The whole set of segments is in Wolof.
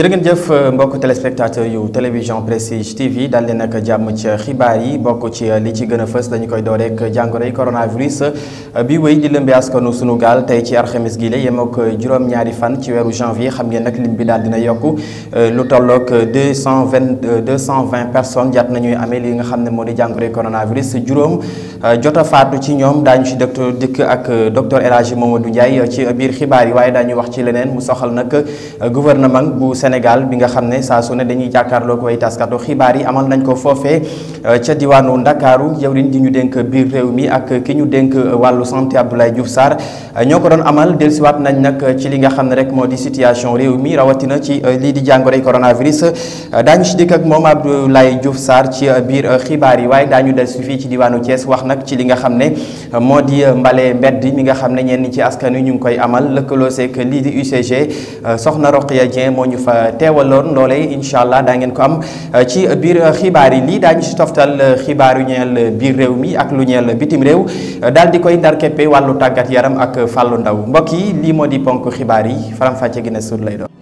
jërë ngeen jëf euh, mbokk téléspectateur yu télévision prestige tv dal leen ak jàmm ci xibaar yi bokk ci euh, li ci gën a fës dañu koy door rek jàngoroy coronavirus euh, bi wéy di lëmbi askanu sunu gaal tey ci arxamis gi la yem ak juróom-ñaari fan ci weeru janvier xam ngeen nag lim bi daal dina yokku lu tolloog 220 220 personnes jàpp nañuy amee li nga xam ne moo di jàngoroy coronavirus juróom jot a faatu ci ñoom daañu ci docteur dikk ak docteur El Hadji Mamadou Ndiaye ci biir xibaar yi waaye daañu wax ci leneen mu soxal nag gouvernement bu Sénégal bi nga xam ne saa su ne dañuy jàkkaarloo koy taskatu xibaar yi amal nañ ko foofee euh, ca diwaanu Ndakaaru jawriñ di ñu dénk biir réew mi ak ki ñu dénk euh, wàllu santé Abdoulaye Diouf saar euh, ñoo ko doon amal dellusiwaat nañ nag ci li nga xam ne rek moo di situation réew mi rawatina ci lii di jàngoroy coronavirus daañu si dikk ak moom Abdoulaye Diouf Sarr ci biir xibaar yi waaye daañu dellusi fii ci diwaanu cees wax nag ci li nga xam ne moo di mbale mbedd mi nga xam ne ñenn ci askan wi ñu ngi koy amal lëkkaloo seek lii di UCG soxna Roqia Dieng moo ñu fa teewaloon loolee incha allah daa ngeen ko am euh, ci biir euh, xibaar yi lii daañu si toftal euh, xibaar yu ñeel biir réew mi ak lu ñeel bitim réew daal di koy ndar keppe wàllu tàggat yaram ak fàllu ndaw mbokk yi lii moo di ponk xibaar yi faram-fàcce gi ne suur lay doon.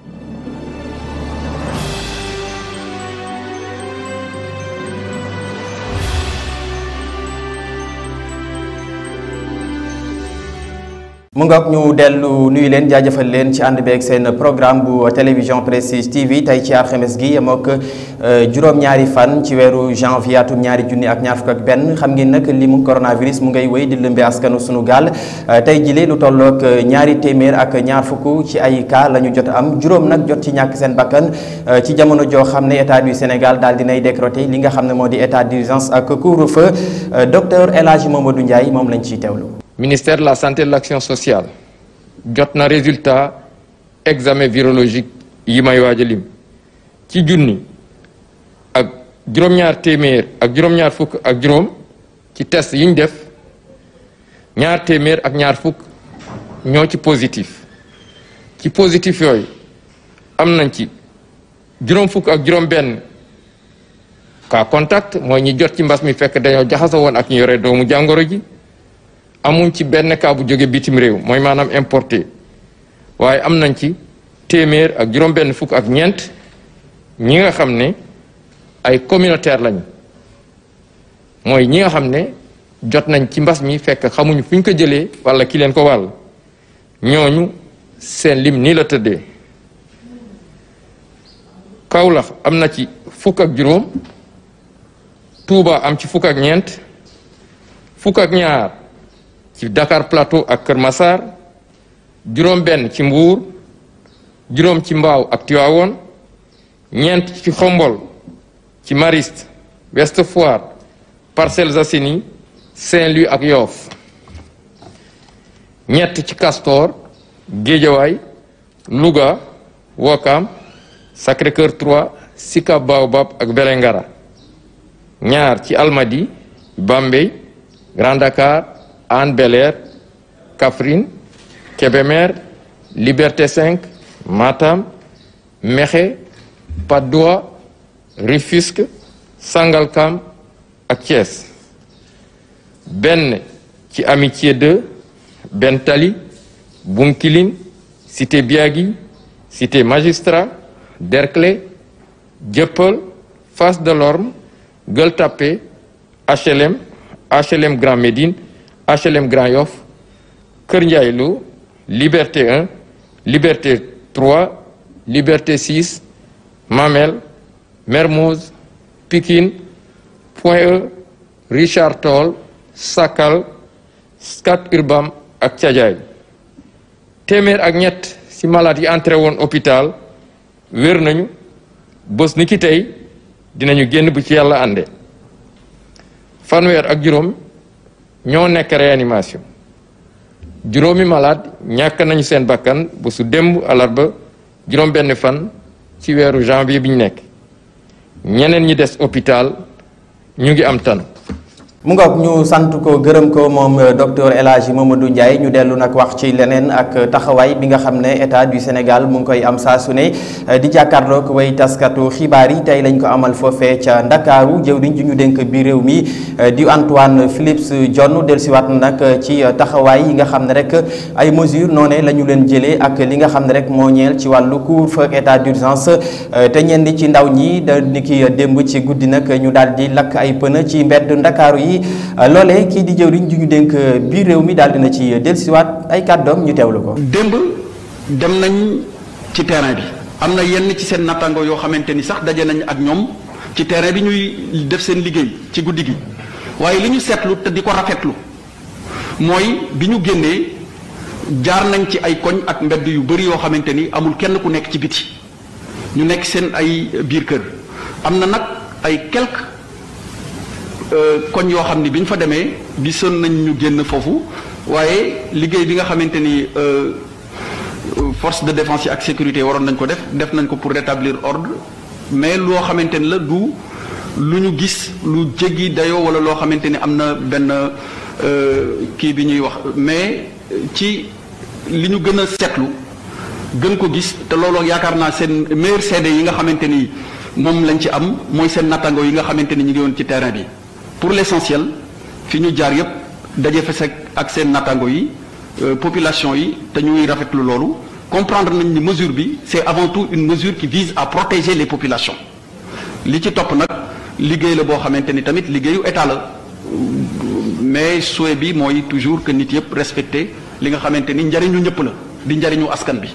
mu ngoog ñu dellu nuyu leen jaajëfal leen ci ànd beeg seen programme bu télévision précise TV tey ci alxames gi mook euh, juróom-ñaari fan ci weeru janvier atum ñaari junni ak ñaar fukk ak benn xam ngeen nag li mu coronavirus mu ngay wéy di lëmbe askanu sunu gaal euh, tey jile lu tolloog euh, ñaari téeméer ak ñaar fukk ci ay cas la ñu jot am juróom nag jot ci ñàkk seen bakkan ci jamono joo xam état du Sénégal daal dinay décréter li nga xam ne état d'urgence ak couvre-feu docteur El Mamadou Ndiaye moom lañ ciy teewlu ministère de la santé et de l'action sociale Gatna résultat examen virologique yi may waaj a lim ci Fuk ak juróom-ñaar téeméer ak juróom Fuk fukk ak juróom ci test yi def ak ñoo ci positif ci positif yoy, amnanti nañ ci juróom fukk ak juróom benn cas contact mooy ñi jot ci mi fekk dañoo jaxasoo ak ñu doomu amuñ ci benn cas jóge bitim réew mooy maanaam importé waaye am nañ ci téeméer ak juróom-benn fukk ak ñeent ñi nga xam ne ay communautaire lañ mooy ñi nga xam ne jot nañ ci mbas mi fekk xamuñu fuñ ko jëlee walla ki leen ko wàll ñooñu seen lim nii la tëdde Kawlax am na ci fukk ak juróom Tuuba am ci fukk ak ñeent fukk ak ñaar ci Dakar Plateau ak Kër Massar juróom-benn ci Mbour juróom ci Mbaaw ak Tiwaawoon ñeent ci Xombol ci Mariste Ouest Foire Parcelles Assainies Saint-Louis ak Yoff ñett ci Castor Guédiawaye Louga Ouakam Sacré-Cœur 3 Sicap Baobab ak Vélingara ñaar ci Almadies Bambey Grand Dakar Anne Belair, Kafrine, Kebemer, Liberté 5, Matam, Mekhe, Padoua, Rifusque, Sangalkam Akies. Ben qui Amitié 2 Ben Tali Cité Biagi, Cité Magistrat Derkle, Gepel, Face de l'Orme, Gultapé, HLM HLM Grand Médine HLM Grand Yoff Kër Ndiaye Liberté 1 Liberté 3 Liberté 6 Mamel Mermoz Pikine Point E Richard Toll Sakal Scat Urbam ak Thiadiaye téeméer ak ñett ci malade yi entré woon hôpital wér nañu bés ni ki dinañu génn bu ci yàlla ànde fanweer ak juróom ñoo nekk réanimation juróomi malade ñàkk nañu seen bakkan bu su démb alarba juróom benn fan ci weeru janvier bi ñu nekk ñeneen ñi des hôpital ñu ngi am tan mu ngoog ñu sant ko gërëm ko moom euh, docteur moom a du Ndiaye ñu dellu nag wax ci leneen ak taxawaay bi nga xam ne état du Sénégal mu ngi koy am saa su ne euh, di jàkkaarloog way taskatu xibaar yi tey lañ ko amal foofee ca Ndakaaru jëwriñ ju ñu dénk bi réew mi euh, di Antoine Philips Diome dellusiwaat na nag ci taxawaay yi nga xam ne rek ay mesures noone la ñu leen jëlee ak li nga xam ne rek moo ñeel ci wàllu couvre-feu ak état d'urgence te ñenn ci ndaw ñi ki démb ci guddi nag ñu daal di lakk ay pneu ci mbedd Ndakaaru yi yi euh, kii di jëwriñ ju ñu dénk euh, biir réew mi daal dina ci euh, dellusiwaat ay kàddoom ñu teew la ko. démb dem nañ ci terrain bi am na yenn ci seen nattango yoo xamante ni sax daje nañ ak ñoom ci terrain bi ñuy def seen liggéey ci guddi gi waaye li ñu seetlu te di ko rafetlu mooy bi ñu génnee jaar nañ ci ay koñ ak mbedd yu bari yoo xamante ni amul kenn ku nekk ci biti ñu nekk seen ay biir kër am na nag ay quelques Euh, koñ yoo xam ni bi ñu fa demee gisoon nañ ñu génn foofu waaye liggéey bi nga xamante ni euh, force de défense yi ak sécurité waroon nañ ko def def nañ ko pour rétablir ordre mais loo xamante ni la du lu ñu gis lu jéggi dayoo wala loo xamante ni am na benn euh, kii bi ñuy wax mais ci li ñu gën a seetlu gën ko gis te looloo yaakaar naa seen meilleur seede yi nga xamante ni moom lañ ci am mooy seen nattango yi nga xamante ni ñu ngi woon ci terrain bi. pour l'essentiel fi ñu jaar yépp daje fa ak seen nattango yi euh, population yi te ñuy rafetlu loolu comprendre nañ ni mesure bi c'est avant tout une mesure qui vise à protéger les populations li ci topp nag liggéey la boo xamante ni tamit liggéeyu état la mais souhait bi mooy toujours que nit yépp respecté li nga xamante ni njariñu la di njariñu askan bi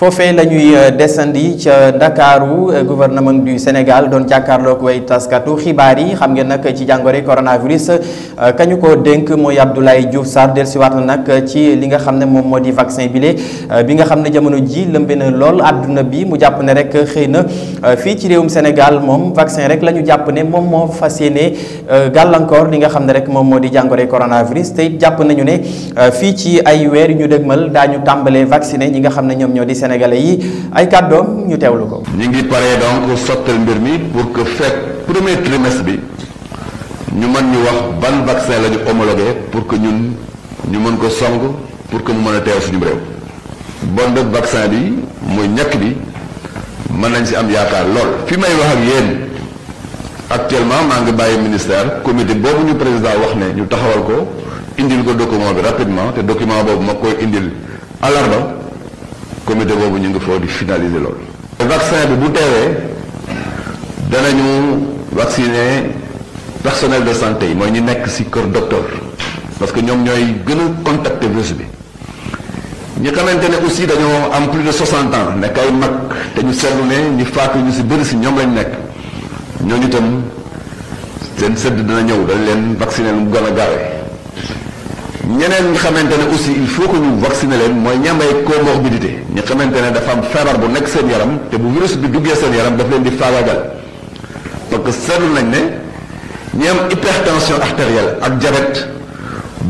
fofé la euh, descendi ci Dakarou euh, gouvernement du Sénégal don jàkkaarloog way taskatu xibaar yi xam ngeen nak ci jangoré coronavirus euh, kañu ko dénk mooy Abdoulaye Diouf Sarr ci na nak ci li nga xamné mom modi vaccin bi vaccin bi nga xamné jamono ji lëmbe na lol aduna bi mu japp né rek xeyna fi ci réewum Sénégal mom vaccin rek lañu japp né mom mo moo galankor yéene li nga xamné rek mom modi jangoré coronavirus te japp nañu né fi ci ay wér ñu dëgmal dañu tambalé vacciné ñi nga xamné ñom ñoo di sénégalais yi ay kàddoom ñu teewlu ko ñi ngi paree donc sottal mbir mi pour que fekk premier trimestre bi ñu mën ñu wax ban vaccin la ñu homologué pour que ñun ñu mën ko song pour que mu mën a teew suñu réew bon nag vaccin bi muy ñàkk bi mën nañ si am yaakaar lool fi may wax ak yéen actuellement maa ngi bàyyi ministère comité boobu ñu président wax ne ñu taxawal ko indil ko document bi rapidement te document boobu ma koy indil alarba comité boobu ñu ngi foofu di finaliser loolu. vaccin bi bu teewee danañu vacciner personnel de santé yi mooy ñu nekk ci kër docteur parce que ñoom ñooy gën a contacter virus bi. ñi xamante ne aussi dañoo am plus de 60 ans nekk ay mag te ñu seetlu ne ñu faatu ñu ci bëri ci ñoom lañu nekk ñooñu itam seen sëdd dina ñëw dañ leen vacciner lu mu gën a gaawee. ñeneen xamante ne aussi il faut que ñu vacciner leen mooy ñamay comorbidité ñu xamante ne dafa am feebar bu nekk seen yaram te bu virus bi duggee seen yaram daf leen di faagaagal parce que seetlu nañ ne ñi am hypertension artérielle ak diabète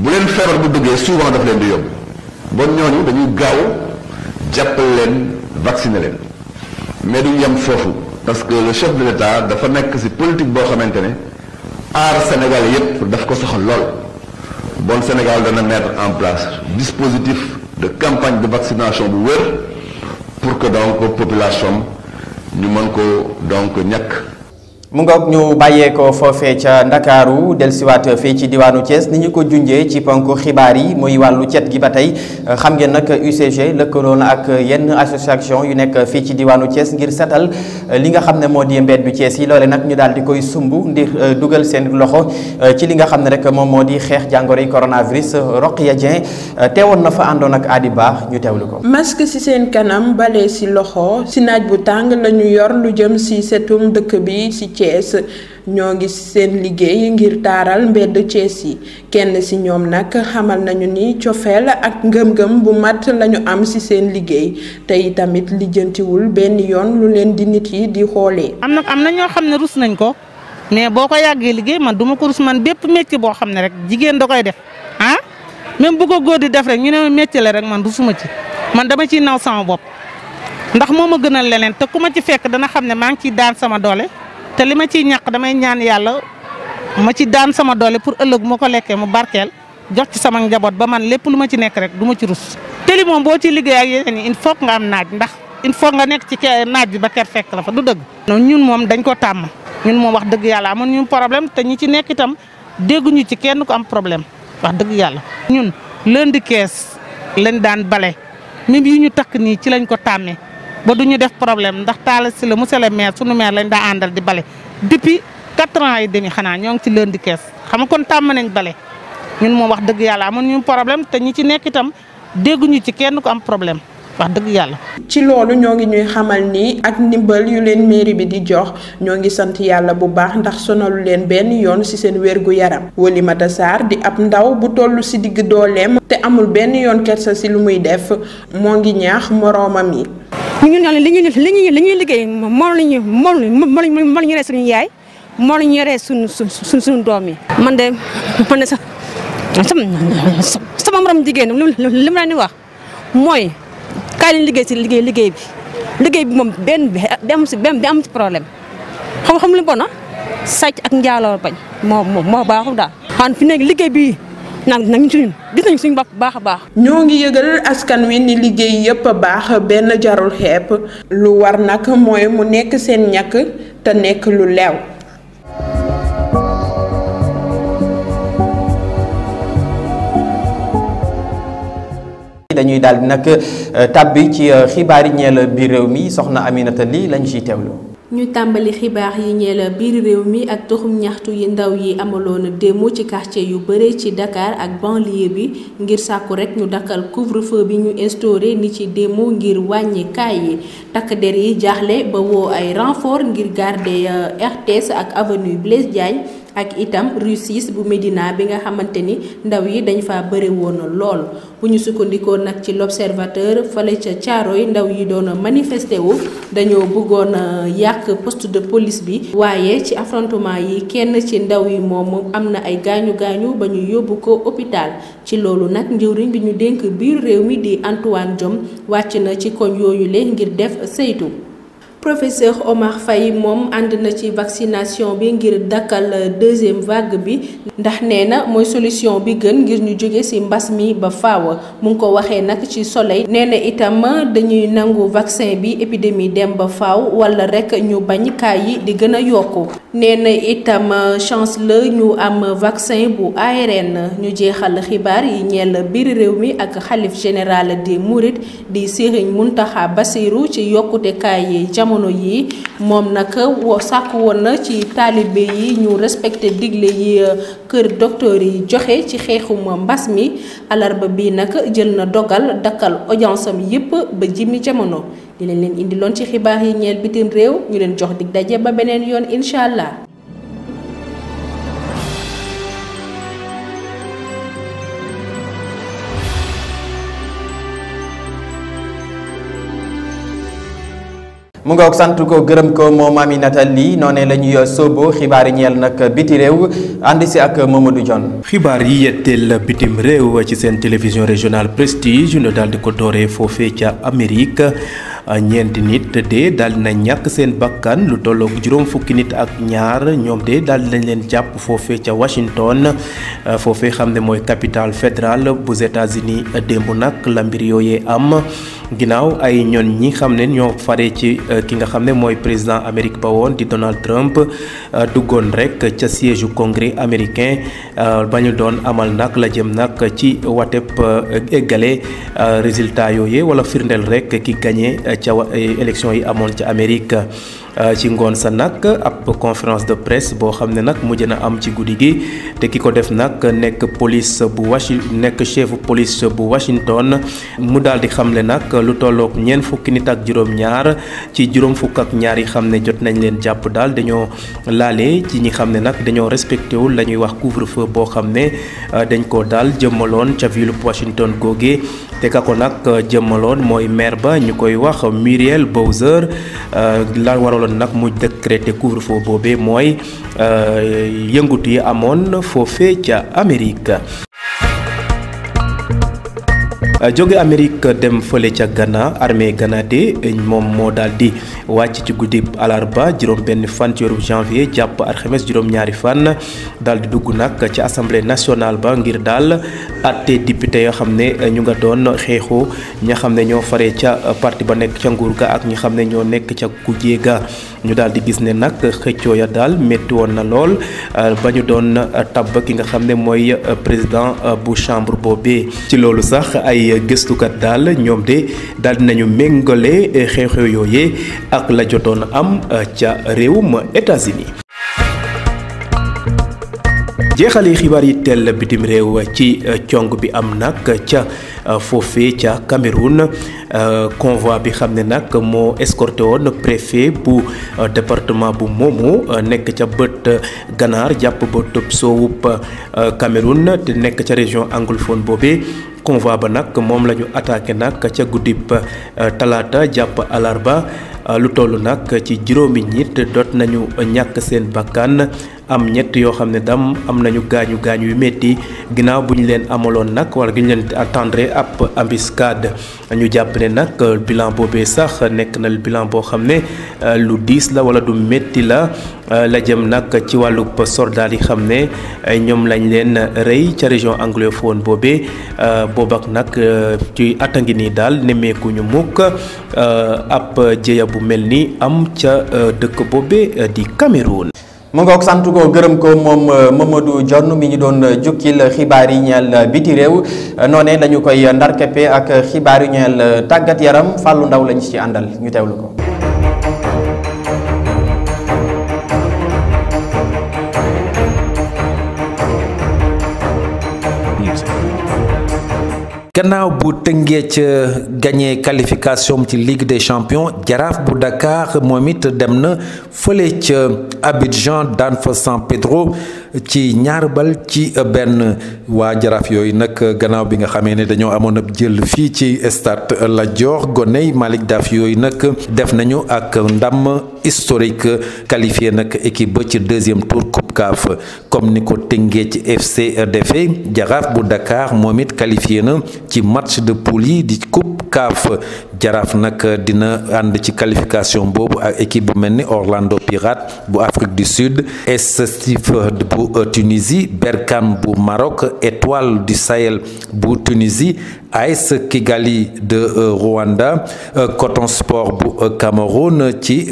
bu leen feebar bu duggee souvent daf leen di yóbbu bon ñooñu dañuy gaaw jàppal leen vacciner leen mais duñ yem foofu parce que le chef de l'État dafa nekk ci politique boo xamante ne aar Sénégal yépp daf ko soxal lool. bon Sénégal va mettre en place dispositif de campagne de vaccination pour que donc population nous manque pas donc mu ngoog ñu bàyyeekoo foofe ca ndakaaru dellusiwaat fii ci diwaanu cees ni ñu ko junjee ci ponk xibaar yi muy wàllu ceet gi ba tey xam ngeen nag UCG lëkkaloo na ak yenn association yu nekk fii ci diwaanu Thiès ngir setal li nga xam ne moo di mbedd bi Thiès yi loole nag ñu daal di koy sumb ndir euh, dugal seen loxo euh, ci li nga xam ne rek moom moo di xeex jàngoro yi coronavirus Roqia Dieng euh, teewoon na fa àndoon ak baax ñu teewlu ko. masque ci seen kanam bale ci loxo ci naaj bu tàng lañu yor lu jëm ci setum dëkk bi ci Thiès ñoo ngi seen liggéey ngir taaral mbedd Thiès yi kenn ci ñoom nag xamal nañu ni cofeel ak ngëm-ngëm bu matt lañu am ci seen liggéey tey tamit lijjantiwul benn yoon lu leen di nit yi di xoolee. am na am na ñoo xam ne rus nañ ko mais boo ko yàggee liggéey man duma ko rus man bépp métier boo xam ne rek jigéen da koy def ah même bu ko góor di def rek ñu ne métier la rek man rusuma ci man dama ciy naw sama bopp. ndax moo ma gënal leneen te ku ma ci fekk dana xam ne maa ngi ciy daan sama doole te li ma ciy ñàkk damay ñaan yàlla ma ci daan sama doole pour ëllëg moo ko lekkee mu barkel jox ci sama njaboot ba man lépp lu ma ci nekk rek du ma ci rus. te li moom boo ci liggéey ak yeneen yi il faut nga am naaj ndax il faut nga nekk ci naaj ba ker fekk la fa du dëgg. ñun moom dañ ko tàmm ñun moom wax dëgg yàlla amoon ñun problème te ñi ci nekk itam dégguñu ci kenn ku am problème wax dëgg yàlla. ñun lundi kees lañ daan bale même yu ñu takk nii ci lañ ko tàmmee ba duñu def problème ndax Talla Sylla monsieur le maire sunu maire lañ daa di bale depuis quatre ans et demi xanaa ñoo ngi ci lënd xam kon tàmm nañ bale ñun mo wax dëgg yàlla amoon ñu problème te ñi ci nekk itam dégguñu ci kenn ku am problème wax dëgg yàlla. ci loolu ñoo ñuy xamal ni ak ndimbal yu leen mairie bi di jox ñoo ngi sant yàlla bu baax ndax sonalu leen benn yoon ci seen wérgu yaram Oulimata di ab ndaw bu toll ci digg dooleem te amul ben yoon kersa ci lu muy def moo ngi ñaax ñun ñoo leen li ñuy li ñuy li ñuy liggéey moom la ñu moom la ñu moom la ñu yoree suñu yaay moom la ñu yoree suñu suñu suñu doom yi. man de man de sax sama morom jigéen li ma leen di wax mooy kaay lañ liggéey si liggéey liggéey bi liggéey bi moom benn bi am si benn bi am si problème xam-xam lu bon ah sàcc ak njaaloo bañ moo moo baaxul daal. xam fi nekk liggéey bi. naan nag ñun ci ñun gis nañu suñu bopp baax a baax. ñoo ngi yëgal askan wi ni liggéey yépp baax benn jarul xeeb lu war nag mooy mu nekk seen ñàkk te nekk lu leew. dañuy daal di nag euh, tàbbi ci euh, xibaar yi ñeel biir réew mi soxna Aminata lii lañ ciy teewlu. ñu tàmbali xibaar yi ñeel biir réew mi ak toxum ñaxtu yi ndaw yi amaloon démb ci quartier yu bare ci Dakar ak banlieue bi ngir sàkku rekk ñu dakkal couvre-feu bi ñu instauré ni ci démb ngir wàññi kaay yi takk der yi jaaxle ba woo ay renfort ngir garder euh, RTS ak avenue Blaise Diagne ak itam rue bu Médina bi nga xamante ni ndaw yi dañ fa bëri woon lool bu ñu sukkandikoo nag ci l'observateur fale ca caaro yi ndaw yi doon manifesté wu dañoo bëggoon a euh, yàq post de police bi waaye ci affrontement yi kenn ci ndaw yi moom am na ay gaañu gaañu ba ñu yóbbu ko hôpital ci loolu nag njëwriñ bi ñu dénk biir réew mi di Antoine jom wàcc na ci koñ yooyu le ngir def saytu professeur Omar Faye Mom and na ci vaccination bi ngir dakal deuxième vague bi ndax nee na solution bi gën ngir ñu joggé ci mbass mi ba faawa mu ko waxé nak ci soleil nee itam dañuy nangu vaccin bi épidémie dem ba faaw wala rek ñu bañ kay yi di nee na itam euh, chance la ñu am vaccin bu ARN ñu jeexal xibaar yi ñeel biir réew mi ak xalif général di murit di sëriñ Muntaxa Basiru ci yokkute kaay yi jamono yi moom nag sàkk woon na ci taalibe yi ñu respecté digle yi euh, kër docteur yi joxe ci xeexum mbas mi alarba bi nag jël na dogal dakkal audience am yépp ba jimi jamono di leen leen indiloon ci xibaar yi ñeel bitim réew ñu leen jox dig daje ba beneen yoon incha allah. mu ngoog sant ko gërëm ko moom nataal Ly noonee lañuy ñuy sóobo xibaar yi ñeel nag biti réew ànd si ak Mamadou Dione. xibaar yi yetteel bitim réew ci seen télévision régionale prestige ñu daal di ko dooree foofee ca Amérique. nit de daal na ñàkk seen bakkan lu tolloog juróom fukki nit ak ñaar ñoom de daal di leen jàpp foofee ca Washington foofee xam ne mooy capitale fédérale bu États-Unis démb nag la mbir yooyee am. ginnaaw ay ñoon ñi xam ne ñoo fare ci euh, ki nga xam ne mooy président Amérique ba woon di Donald Trump euh, duggoon rek ca siège congrès américain euh, ba ñu doon amal nag la jëm nag ci watep eggale résultat yooyu wala firndeel rek ki gagné ca élection yi amoon ca Amérique. Euh, ci ngoon sa nag ab conférence de presse boo xam ne na am ci guddi gi te ki ko def nak police bu washi chef police bu washington mu daal di xamle nag lu tolloog ñeen fukki nit ak juróom ñaar ci juróom fukk ak ñaar yi xam ne jot nañ leen jàpp daal dañoo laalee ci ñi ne nag respecté wul wax couvre feu euh, dañ ko ville washington goge. te ka ko nag euh, jëmmaloon mooy maire ba ñu koy wax Muriel Bowser euh, la waraloon nag mu décréter couvre-feu boobee mooy euh, yëngut yi amoon foofee ca Amérique nag dem fële ca Ghana armée Ganaade moom moo daal di wàcc ci guddi alarba juróom benn fan ci weeru janvier jàpp alxames juróom ñaari fan daal di dugg nag ci assemblée nationale ba ngir dal àtte député yoo xam ne ñu nga doon xeexu ña xam ne ñoo fare ca parti ba nekk ca nguur ga ak ñi xam ne ñoo nekk ca kujje ga ñu daal di gis ne nag xëccoo ya daal métti woon na lool ba ñu doon tabb ki nga xam ne mooy président bu chambre boobee ci loolu sax ay gëstukat daal daal ñoom de daal dinañu méngale eh, xew-xew yooyee ak la jotoon am eh, ca réew ma États-Unis jeexalee xibaar yi teel bitim réew ci euh, cong bi am nag ca euh, foofee ca Cameroun euh, convoi bi xam ne nag moo escorté woon préfet bu département bu moomu nekk ca bët ganaar jàpp ba tëb soowub Cameroun te nekk ca région anglophone boobee convoi ba nag moom la ñu attaqué nag ca guddib talaata jàpp alarba lu toll nag ci juróomi nit dot nañu ñàkk seen bakkan am ñett yoo xam ne dam am nañu gaañu gaañu yu métti ginnaaw buñu leen amaloon nag wala gi ñu leen attendre ab embuscade ñu jàpp ne nag bilan boobee sax nekk na bilan boo xam ne euh, lu diis la wala du métti la euh, la jëm nag ci wàllu soldat yi xam ne ñoom lañ leen rey ca région anglophone boobee euh, boobak nag ci atta ngi nii daal nemmeeku ñu mukk ab jéeya bu mel ni am ca dëkk boobee di Cameroun mu ngoog sant ko gërëm ko moom euh, Mamadou Dione mi ñu doon euh, jukkil xibaar yi ñeel euh, biti réew noonee lañu koy ndarkeppe ak xibaar yi ñeel tàggat yaram fàllu ndaw lañu ci àndal ñu teewlu ko gannaaw bu Tëngéej euh, gagné qualification ci Ligue des champions Jaraaf bu Dakar moom it dem na Abidjan daan San Pedro ci ñaar bal ci benn waa Jaraaf yooyu nag euh, gannaaw bi nga xamee ne dañoo amoon ab jël fii ci stade la Dior goney Malick Daf yooyu nag def nañu ak ndam historique qualifié nag équipe ba ci deuxième tour Coupe CAF comme ni ko ci FC defee Jaraaf bu Dakar moom it qualifié na qui match de poule yi coupe CAF jaraaf nak dina and ci qualification bobu ak équipe bu melni Orlando Pirates bu Afrique du Sud Estif bu euh, Tunisie Berkane bu Maroc Étoile du Sahel bu Tunisie AS Kigali de euh, Rwanda euh, Coton Sport bu Cameroun ci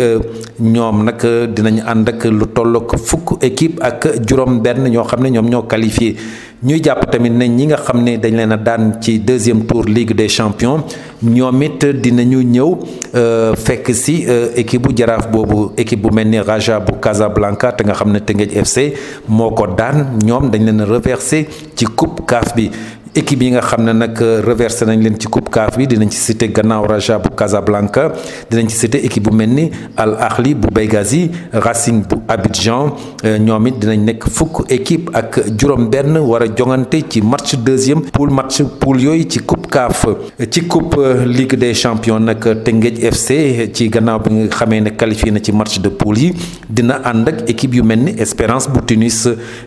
ñom nak dinañ and ak lu tollook fukk équipe ak juróom ben ñoo xam ñom ñoom ñoo qualifié ñuy japp tamit ne ñi nga xam dañ leena daan ci deuxième tour Ligue des champions ñoom it dinañu ñëw euh, fekk si euh, équipe bu jaraaf boobu équipe bu mel ni Raja bu Casablanca te nga xam ne Teungueth FC moo ko daan ñoom dañ leen reversé ci coupe CAF bi équipe yi nga xamné nak euh, reversé nañ leen ci coupe CAF bi dinañ ci cité Ganaw Raja bu Casablanca dinañ ci cité équipe bu melni Al Ahli bu Beygazi Racing bu Abidjan euh, ñoom it dinañ nek fukk équipe ak juróom-benn wara a jongante ci match deuxième poule match poule yoy ci coupe CAF ci coupe euh, Ligue des champions nak Teungueth FC ci la bi nga xamé ne qualifié na ci match de poule yi dina and ak équipe yu melni Espérance bu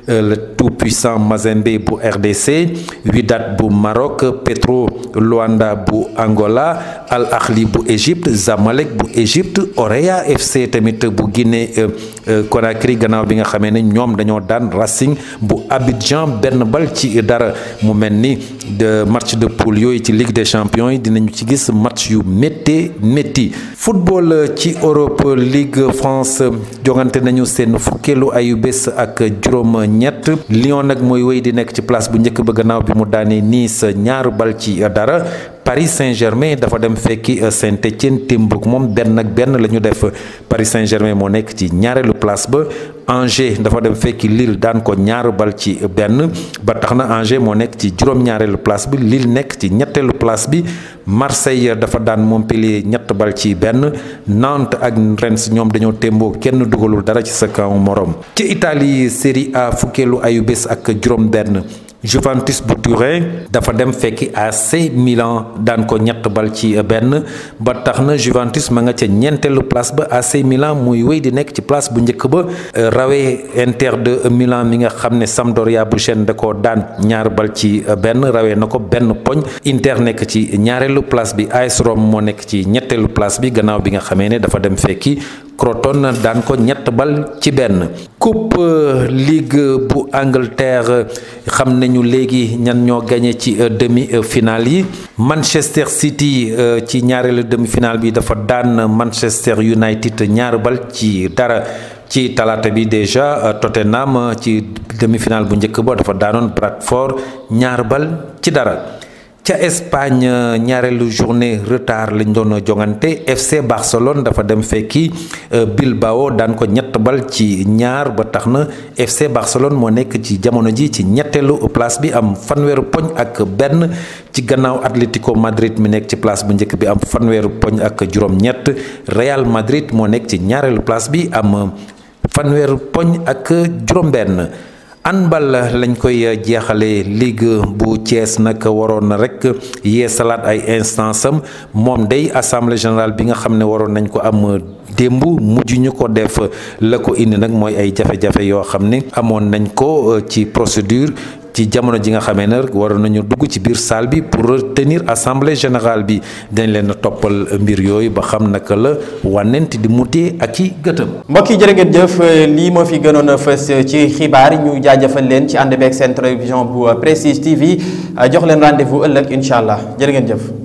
le tout puissant Mazembe bu RDC Wydad Wydad bu Maroc Petro Luanda bu Angola Al Ahli bu Égypte Zamalek bu Égypte Orea FC tamit bu Guinée euh, euh, Conakry gannaaw bi nga xamee ne ñoom dañoo daan Racing bu Abidjan benn bal ci dara mu mel ni de match de poule yooyu ci Ligue de Champions yi dinañu ci gis match yu méttee métti football euh, ci Europe Ligue France jongante nañu seen fukkeelu ayu bés ak juróom ñett Lyon nag mooy wéy di nekk ci place bu njëkk ba gannaaw bi mu daan daane Nice ñaari bal ci dara Paris Saint-Germain dafa dem fekki euh, Saint-Étienne Timbuk moom benn ak benn la ñu def Paris Saint-Germain moo nekk ci ñaareelu place ba Angers dafa dem fekki Lille daan ko ñaar bal ci benn ba tax na Angers moo nekk ci juróom-ñaareelu place bi liil nekk ci ñetteelu place bi Marseille dafa daan Montpellier ñett bal ci benn Nantes ak si ñoom dañoo témboo kenn dugalul dara ci sa kaw morom ci Italie Serie A fukkeelu ayu bés ak juróom Juventus bu Turin dafa dem fekki AC Milan daan ko ñett bal ci benn ba tax na Juventus ma nga ca ñeenteelu place ba AC Milan muy wéy di nekk ci place bu njëkk ba euh, rawee Inter de millan mi nga xam ne Sampdoria bu chen da ko daan ñaar bal ci benn rawee na ko benn poñ Inter nekk ci ñaareelu place bi AS Rome moo nekk ci ñetteelu place bi gannaaw bi nga xamee ne dafa dem fekki Croton daan ko ñett bal ci benn coupe ligue bu Angleterre xam nañu léegi ñan ñoo gagné ci euh, demi finale yi Manchester City euh, ci ñaareel demi finale bi dafa daan Manchester United ñaar bal ci dara ci talaata bi déjà euh, Tottenham ci demi finale bu njëkk ba dafa daanoon Bradford ñaar bal ci dara. ca Espagne ñaareelu journée retard lañ jongante FC Barcelone dafa dem fekki euh, Bilbao dan ko ñett bal ci ñaar ba FC Barcelone mo nekk ci jamono ji ci ñetteelu place bi am fanweeru poñ ak benn ci gannaaw Atlético Madrid mi nekk ci place bu bi am fanweeru poñ ak juróom-ñett Real Madrid mo nekk ci ñaareelu place bi am fanweeru poñ ak juróom-benn. handball lañ koy jeexalee ligue bu cees nag waroon na rek yee salaat ay instance am moom day assemblée générale bi nga xam ne waroon nañ ko am démb mujj ñu ko def la ko indi nag mooy ay jafe-jafe yoo xam ne amoon nañ ko ci procédure ci jamono ji nga xamee ne rek waroon nañu dugg ci biir saal bi pour tenir assemblée générale bi dañ leen a toppal mbir yooyu ba xam naka la wànnent di mutee ak ci gëtëm. mbokki jër jërë ngeen jëf lii moo fi gënoon a fës ci xibaar ñu jaajëfal leen ci ànd beeg seen télévision bu Prestige TV jox leen rendez-vous ëllëg incha allah jër ngeen jëf.